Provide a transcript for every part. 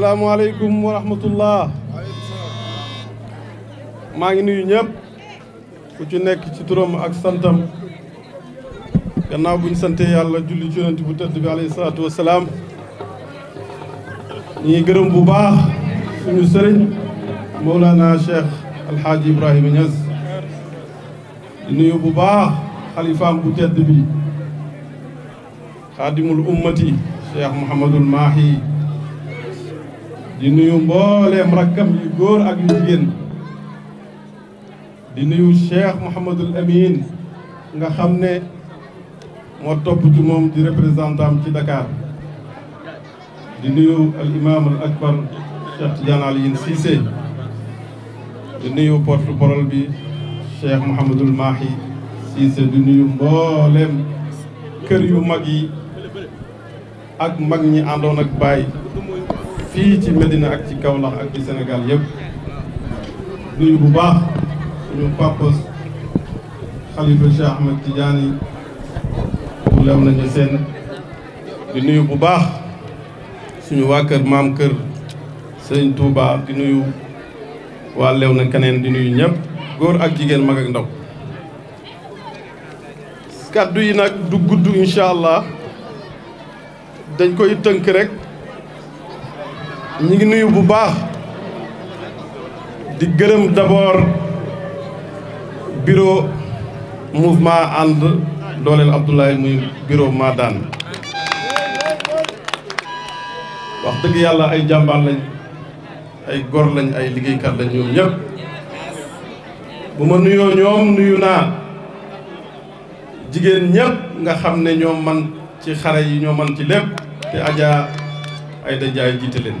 السلام عليكم ورحمة الله ما نيو نيب كوتي نيك سي تروم اك سانتام غناو بو نسانتي يالا جولي جونتي بو تاد بي عليه الصلاه والسلام ني غرم بو باخ سونو سيرن مولانا شيخ الحاج ابراهيم نياز نيو بو باخ خليفه بو تاد بي خادم الامه شيخ محمد الماحي di nuyu mbooleem rakkam yu góor ak yu jigéen di nuyu Cheikh Mouhamadul Amin nga xam ne moo topp ci moom di représentant ci Dakar di nuyu al imam al akbar Cheikh Tidiane Alioune Cissé di nuyu porte parole bi Cheikh Mouhamadul Mahi Cissé di nuyu mbooleem kër yu mag yi ak mag ñi àndoon ak Baye. fii ci Medina ak ci Kaolack ak ci senegal yëpp nuyu bu baax suñu papa xalifa Cheikh Ahmed Tidiane bu lew nañu seen di nuyu bu baax suñu waa kër maam kër sëñ Touba di nuyu waa lew na keneen di nuyu ñëpp góor ak jigéen mag ak ndaw kàddu yi nag du gudd allah dañ koy tënk rek ñu ngi nuyu bu baax di gërëm d'abord bureau mouvement ànd dooleel Abdoulaye muy bureau Madane wax dëgg yàlla ay jàmbaar lañ ay góor lañ ay liggéeykat lañ ñoom ñëpp bu ma nuyoo ñoom nuyu naa jigéen ñëpp nga xam ne ñoo man ci xare yi ñoo man ci lépp te Adja Aïda Ndiaye jiite leen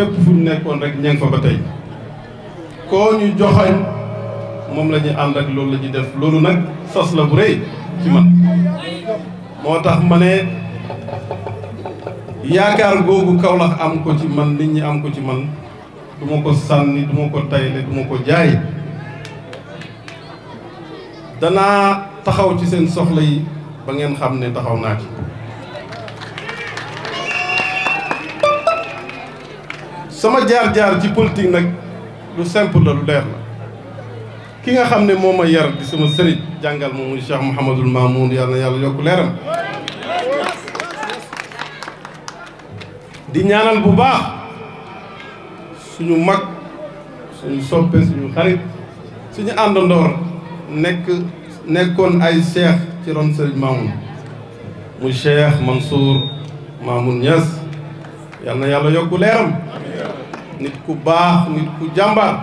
fépp fu ñu nekkoon rek ña ngi ba tey koo ñu joxoñ moom la ñuy ànd ak loolu la ñuy def loolu nag sas la bu rëy ci man moo tax ma ne yaakaar googu Kaolack am ko ci man nit ñi am ko ci man du ma ko sànni du ma ko tay du duma ko jaay danaa taxaw ci seen soxla yi ba ngeen xam ne taxaw naa ci sama jaar-jaar ci politique nag lu simple la lu leer la ki nga xam ne moo ma yar di sama sëriñ jàngal moom muy Cheikh Mouhamadul Mamoun yàlla na yàlla yokk leeram di ñaanal bu baax suñu mag suñu soppe suñu xarit suñu àndandoor nekk nekkoon ay cheikh ci ron sëriñ Mamoun muy Cheikh Mansour Mamoun Niass yàlla na yàlla yokk leeram nit ku baax nit ku jàmbaar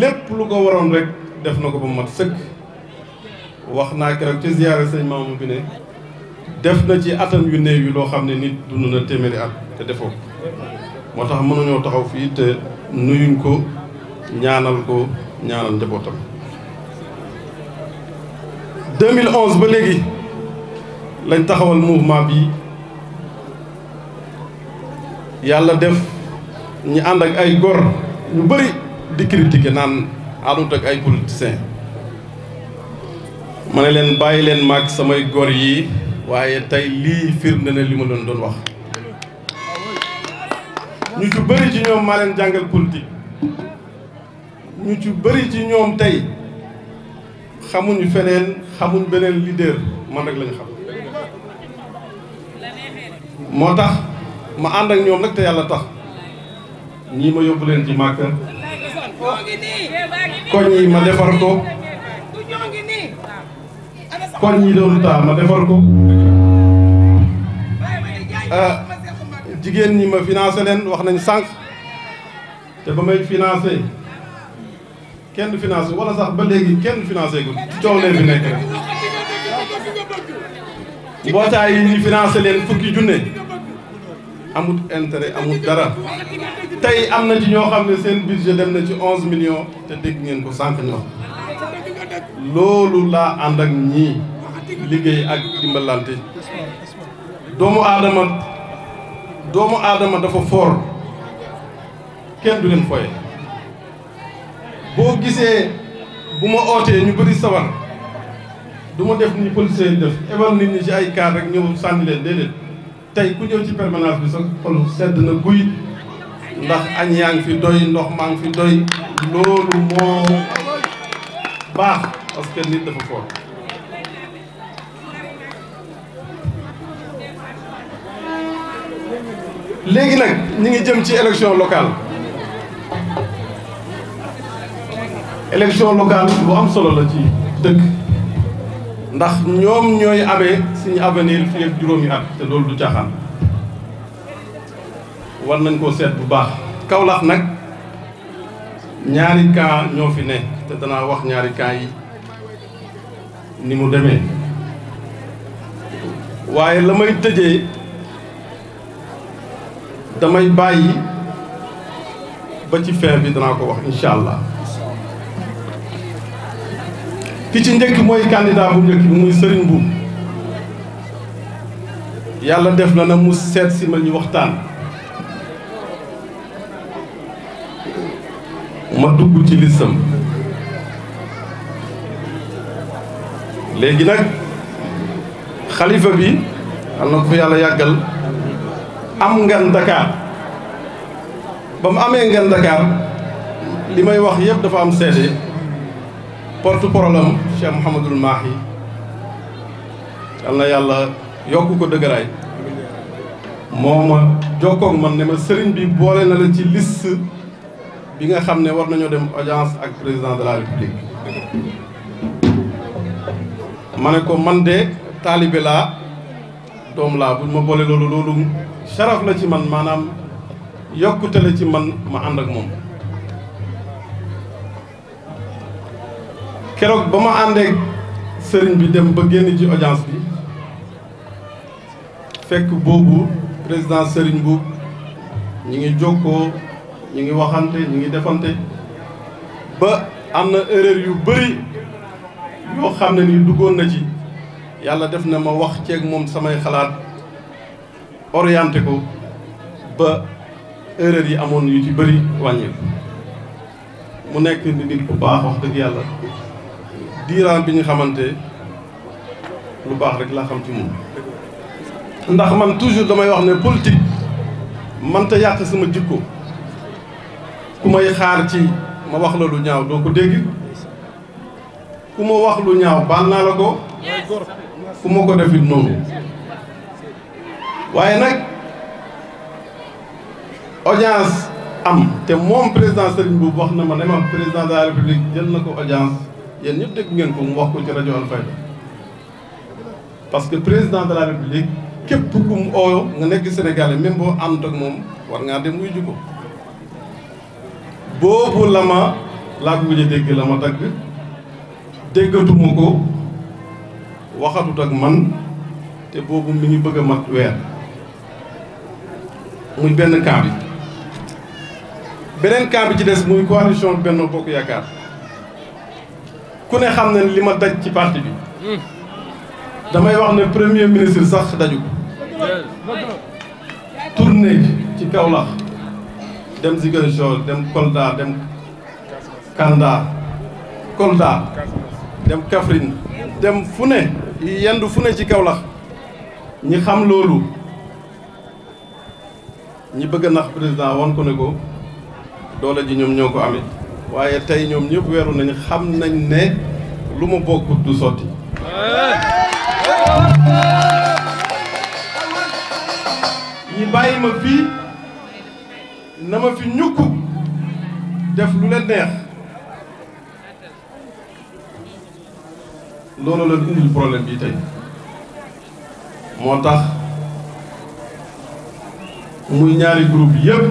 lépp lu ko waroon rek def na ko ba mat sëkk wax naa keroog ca ziyaare sëñ maamu bi ne def na ci atam yu néew yi loo xam ne nit dund na téeméeri at te defoo moo tax mënuñoo taxaw fii te nuyuñ ko ñaanal ko ñaanal njabootam 2011 ba léegi lañ taxawal mouvement bi yàlla def ñu ànd ak ay góor ñu bari di critiquer naan àndut ak ay politiciens ma ne leen bàyyi leen maag samay góor yi waaye tey lii firnde na li ma leen doon wax ñu ci bëri ci ñoom maa leen jàngal politique ñu ci bari ci ñoom tey xamuñu feneen xamuñ beneen leader man rek lañu xam moo tax ma ànd ak ñoom nag te yàlla tax ñii ma yóbbu leen ci koñ ma defar ko koñ yi doon taa ma defar ko ah, jigéen ñi ma financé leen wax nañ sànq te ba may financé kenn financé wala sax ba léegi kenn financé ko coow leen bi nekk rek mbootaay yi fukki junne amut intérêt amut dara tey am na ci ñoo xam ne seen budget dem na ci onze millions te dégg ngeen ko sànq ñoo loolu laa ànd ak ñii liggéey ak dimbalante doomu aadama doomu aadama dafa foor kenn du leen foye boo gisee bu ma ootee ñu bëri sawar du ma def ni policier def ebal nit ñi ci ay kaar rek ñëw sànni leen déedéet tay ku ñew ci permanence bi sax xolu sedd na guuy ndax añ yaang fi doy ndox maang fi doy loolu moo baax parce que nit dafa foor léegi nag ñi ngi jëm ci élection locale élection locale bu am solo la ci dëkk ndax ñoom ñooy amee suñu avenir fii ak juróomi at te loolu du caaxaan war nañ koo seet bu baax Kaolack nag ñaari cas ñoo fi ne te danaa wax ñaari cas yi ni mu demee waaye la may tëjee damay bàyyi ba ci fin bi danaa ko wax incha allah ki ci njëkk mooy candidat bu njëkk bi muy Serigne Mbuub yàlla def na na mu seet si ma ñu waxtaan ma dugg ci listam léegi nag xalifa bi am na ko yàlla yàggal am ngan Dakar ba mu amee ngan Dakar li may wax yëpp dafa am seede porte parole am Cheikh Mouhamadul Mahi yal na yàlla yokk ko dëgëraay moo ma jokkoog man ne ma sëriñ bi boole na la ci liste bi nga xam ne war nañoo dem audience ak président de la république ma ne ko man de taalibe laa doom laa bu ma boole loolu loolu sharaf la ci man maanaam yokkute la ci man ma ànd moom keroog ba ma àndee sëriñ bi dem ba génn ci audience bi fekk boobu président sëriñ bu ñu ngi jokkoo ñu ngi waxante ñu ngi defante ba am na erreur yu bëri yoo xam ne ni duggoon na ci yàlla def na ma wax ceeg moom samay xalaat orienté ko ba erreur yi amoon yu ci bëri wàññeeku mu nekk nit ku baax wax dëgg yàlla. diiraan bi ñu xamante lu baax rek laa xam ci moom ndax man toujours damay wax ne politique mënta yàq sama jikko ku may xaar ci ma wax la lu ñaaw doo ko dégg ku ma wax lu ñaaw baal naa la ko ku ma ko defit noonu waaye nag audience am te moom président Serigne Boubou wax na ma ne ma président de la république jël na ko audience yéen ñëpp dégg ngeen ko mu wax ko ci rajo Alfayda parce que président de la république képp ku mu oo nga nekk Sénégalais même boo ànd ak moom war ngaa dem wuy jiko boobu la ma laa ko gëj dégg la ma dagg déggatuma ko waxatut ak man te boobu mi ngi bëgg a mat weer muy benn camp bi beneen camp ci des muy coalition Benno Bokk Yaakaar ku ne xam na li ma daj ci parti bi damay wax ne premier ministre sax daju tournée ci Kaolack dem Ziguinchor dem Kolda dem Kanda Kolda dem Kaffrine dem fu ne yendu fu ne ci kawlax ñi xam loolu ñi bëgg a nax président wan ko ne ko doole ji ñoom ñoo ko amee waaye tey ñoom ñëpp weeru nañu xam nañ ne lu ma bokkut du sotti. ñi bàyyi ma fii na ma fi ñukk def lu leen neex loolu la indil problème bi tey moo tax muy ñaari groupe yépp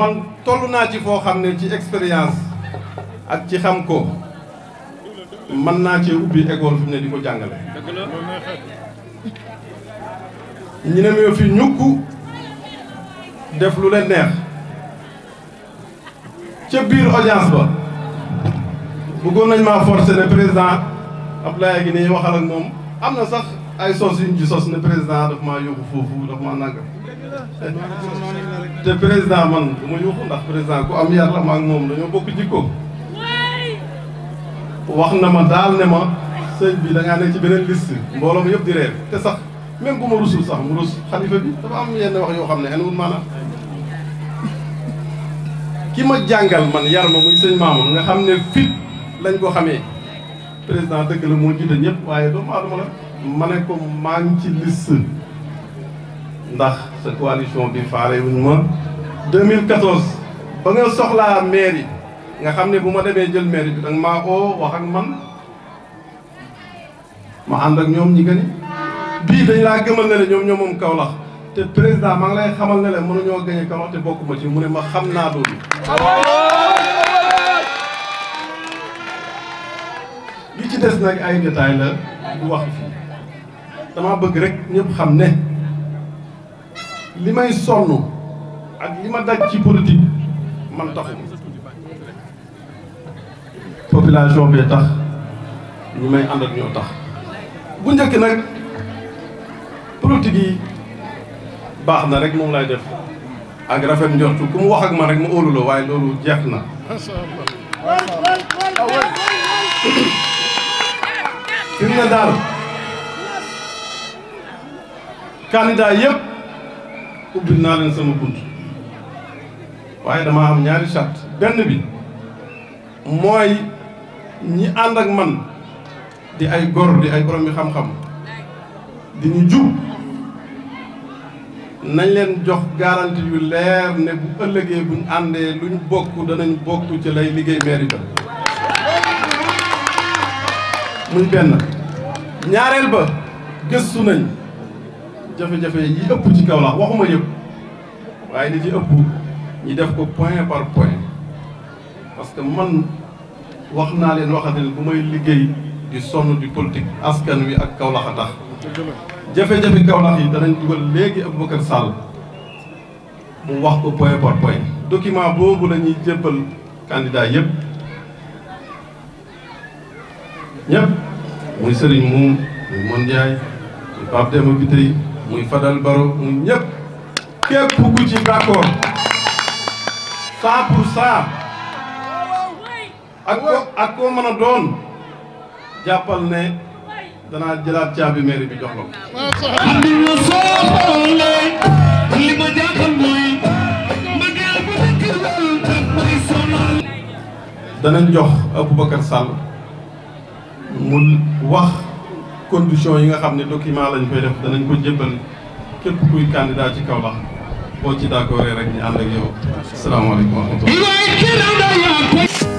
man toll naa ci foo xam ne ci expérience ak ci xam ko mën naa cee ubbi école fi mu ne di ko jàngale ñu ne ma fi ñukk def lu le neex ca biir audience ba bëggoon nañ maa forcer ne président Abdoulaye gi nii waxal ak moom am na sax ay sos yuñ ci sos ne président daf maa yóbbu foofu daf maa nangam te président man dama yuuxu ndax président ku am yar la ma moom dañoo bokk jikko wax na ma daal ne ma sëñ bi da ngaa ci beneen liste mbooloo mi yëpp di reer te sax même bu ma rusul sax mu rus xalifa bi dafa am yenn wax yoo xam ne en wut ki ma jàngal man yar ma muy sëñ Mamoun nga xam ne eh. fit lañ ko xamee président dëgg la moo jiite ñëpp waaye doomu aadama la ma ne ko maa ngi ci liste ndax sa coalition bi faale wuñ ma 2014 ba nga soxlaa mairie nga xam ne bu ma demee jël mairie bi danga maa oo wax ak man ma ànd ak ñoom ñi gën bii dañ laa gëmal na le ñoom ñoom moom Kaolack te président maa ngi lay xamal ne le mënuñoo gagné Kaolack te bokkuma ci mu ne ma xam naa loolu li ci des nag ay détails la du wax fii dama bëgg rek ñépp xam ne li may sonn ak li ma daj ci politique man taxu population bee tax ñu may àndal ñoo tax bu njëkk nag politique yi baax na rek moom lay def ak rafet njortu ku mu wax ak man rek ma óolu la waaye loolu jeex na fi mu ne daal candidat yep ubbil naa leen sama bunt waaye dama am ñaari charte benn bi ñi ak man di ay góor di ay borom xam-xam di ñu jub nañ leen jox garantie yu leer ne bu ëllëgee buñ àndee luñ bokku danañ bokk ci lay liggéey mairie ba ba nañ jafé jafé yi ëpp ci la waxuma yëpp waaye li ci ëpp ñi def ko point par point parce que man wax naa leen waxati bu may liggéey di sonn di politique askan wi ak Kaolack a tax jafe-jafe Kaolack yi danañ dugal léegi Aboubacar Sall mu wax ko point par point document boobu la ñuy jébbal candidat yëpp ñëpp muy sëriñ Moum muy Mon muy Pape muy Fadel Baro muy ñëpp képp ku ci d'accord cent pour cent ak ko ak koo mën a doon jàppal ne danaa jëlaat caabi mairie bi jox la li ma jàppal mooy danañ jox Aboubacar Sall mu wax condition yi nga xam ne document lañ koy def danañ ko jébbal képp kuy candidat ci Kaolack boo ci d'accord rek ñu ànd ak yow asalaamaaleykum wa